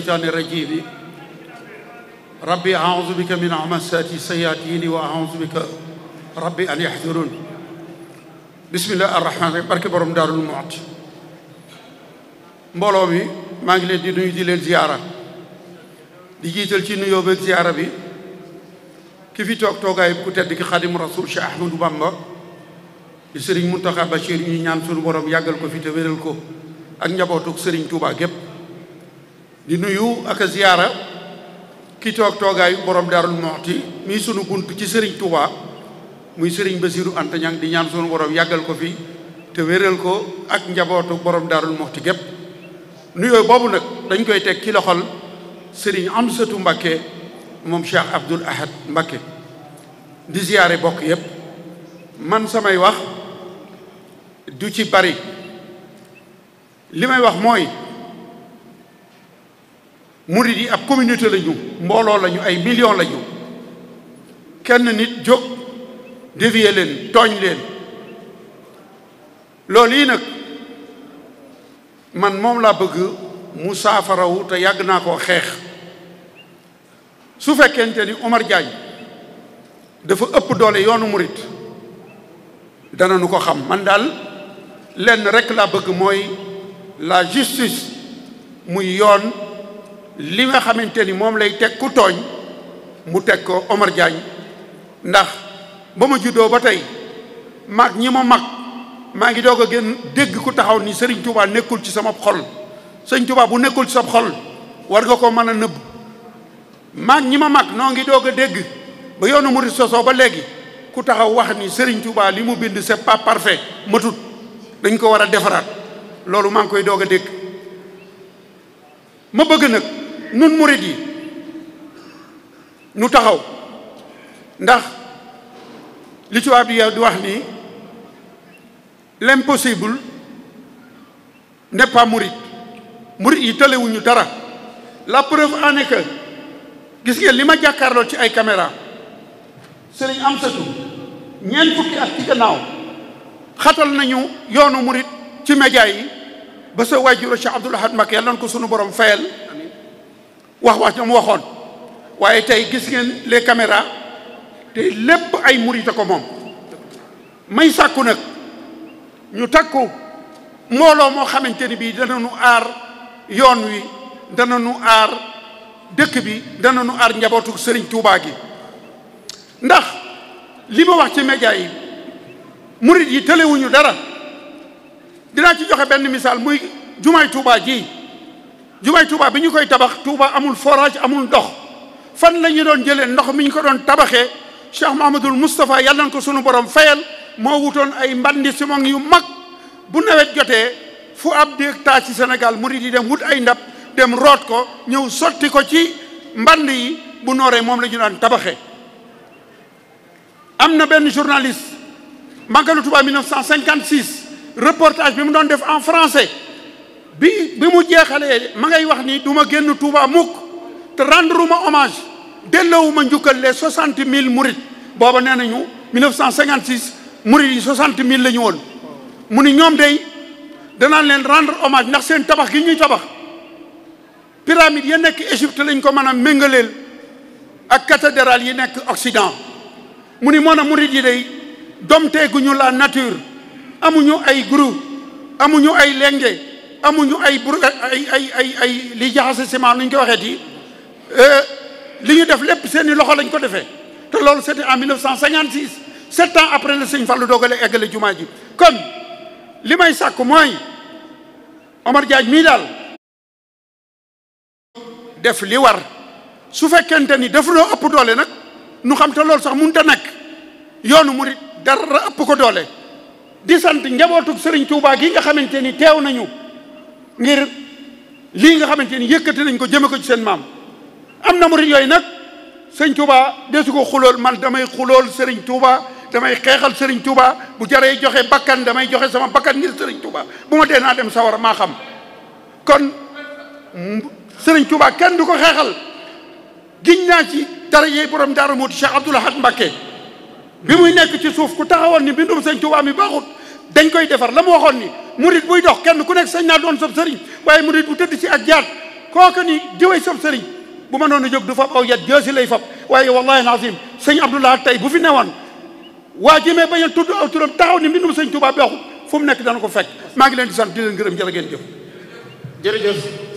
sheytaani rajiim rabbi aawuzu bika min amasaati sayaatiini wa aawuzu bika rabbi an yaxduruun bismillahi arrahmaani rahiim barke borom daarul muxti mbooloo mi maa ngi leen di nuyu di leen ziyaara di jiital ci nuyoo beeg ziyaara bi ki fi toog toogaay ku tedd ki xadim rasul Cheikh Ahmadou Bamba di sëriñ Muntaxa Bachir ñu ñaan sunu borom yàggal ko fi te wéral ko ak njabootuk sëriñ Tuubaa gépp di nuyu ak a ziyaara ki toog toogaayu borom Daarul Muxti mii sunu bunt ci Serigne Touba muy Serigne ba Anta Niang di ñaan sunu borom yàggal ko fi te wéral ko ak njabootu borom Daarul Muxti gépp nuyoo boobu nag dañ koy teg ci loxol Serigne Amsatu Mbakke moom Cheikh Abdoul Ahad Mbakke di ziyaare bokk yépp man samay wax du ci bari li may wax mooy murid yi ab communauté la ñu mbooloo lañu ay millions la ñu kenn nit jóg dévier leen tooñ leen loolu yi nag man moom laa bëgg mu saafarawu te yàgg naa koo xeex su fekkente ni Omar Diagne dafa ëpp doole yoonu murit dana nu ko xam man daal lenn rekk laa bëgg mooy la justice muy yoon li nga xamante ni moom lay teg ku tooñ mu teg ko Omar Diagne ndax ba ma juddoo ba tey maag ñi ma mag maa ngi doog a génn dégg ku taxaw ni sëriñ Touba nekkul ci sama xol Serigne tubaa bu nekkul ci sa xol war nga ko mën a nëbb mag ñi ma mag noo ngi doog a dégg ba yoonu murid sosoo ba léegi ku taxaw wax ni sëriñ tubaa li mu bind c'est pas parfait matut dañ ko war a defaraat loolu maa ngi koy doog a dégg ma bëgg nag. nun murit yi nu taxaw ndax li tubaab di di wax ni l'impossible n'est pas murit murit yi tëlewuñu dara la preuve en gis ngeen li ma jàkkaarloo ci ay caméra sëriñ am satu ñeent fukki at ci xatal nañu yoonu murit ci média yi ba sa waajuro Cheikh Abdoul Ahad Mbacké yàlla na ko sunu borom fayal wax wax ñoom waxoon waaye tey gis ngeen les caméras te lépp ay murite ko moom may sàkku nag ñu takku mbooloo moo xamante ni bii dana nu aar yoon wi dana nu aar dëkk bi dana nu aar njabootu sëriñ Tuubaa gi ndax lima wax ci média yi murit yi tëlewuñu dara dinaa ci joxe benn misaal muy jumaay Tuubaa ji jumaay Touba bi ñu koy tabax Touba amul forage amul ndox fan la ñu doon jëlee ndox mi ñu ko doon tabaxee Cheikh Mahamadul Moustapha yàlla na ko sunu borom fayal moo wutoon ay mbandi simon yu mag bu nawet jotee fu ab déeg taa ci Sénégal mu yi dem wut ay ndab dem root ko ñëw sotti ko ci mband yi bu nooree moom lañu ñu daan tabaxee am na benn journaliste Magalu Touba 1956 reportage bi mu doon def en français bi bi mu jeexalee ma ngay wax ni du ma génn Touba mukk te rendre ma hommage delloowuma njukkal les soixante mille murit booba nee nañu 1956 murit yi soixante mille la ñu woon mu ni ñoom day danaa leen rendre hommage ndax seen tabax gi ñuy tabax pyramide ya nekk Égypte lañ ko mën a méngaleel ak cathédrale yi nekk Occident mu ni moo a murit yi day ñu la nature amuñu ay groupe amuñu ay lenge amuñu ay bur ay ay ay ay li jaxase ciment nu ñu ko waxee yi euh, li ñu def lépp seeni loxo lañ ko defee te loolu c'était en 1956 sept ans après la sëñ Fallou doogale eggale jumaa ji kon li may sàkk mooy Omar Diagne mii daal def li war su fekkente ni daf noo ëpp doole nag nu xam te loolu sax mun te nekk yoonu murit dara ëpp ko doole di sant njabootu Serigne Touba gi nga xamante ni teew nañu ngir lii nga xamante ni yëkkati nañ ko jëme ko ci seen maam am na murit nag sëñ Touba desu ko xulool man damay xulool Serigne Touba damay xeexal Serigne Touba bu jaree joxe bakkan damay joxe sama bakkan ngir Serigne Touba bu ma dee naa dem sawar maa xam kon Serigne Touba kenn du ko xeexal giñ naa ci dara yee borom Daaru Muti Cheikh Abdoul Ahad Mbacké bi muy nekk ci suuf ku taxawoon ni bindum Sëñ Touba mi baaxut dañ koy defar la mu waxoon ni murit buy dox kenn ku nekk sañ naa doon sab sëriñ waaye murit bu tëdd ci ak jaat kooku ni diwee sab sëriñ bu ma noonu jóg du fab aw yat joosi lay fab waaye wallahi alazim sëñ abdoulah tey bu fi ne newoon waa jëmee bañ a tudd aw turam taxaw ni mbindum sëñ Tuubaa baaxul fu mu nekk dana ko fekk maa ngi leen di sant di leen gërëm jërë ngeen jëf jërëjëf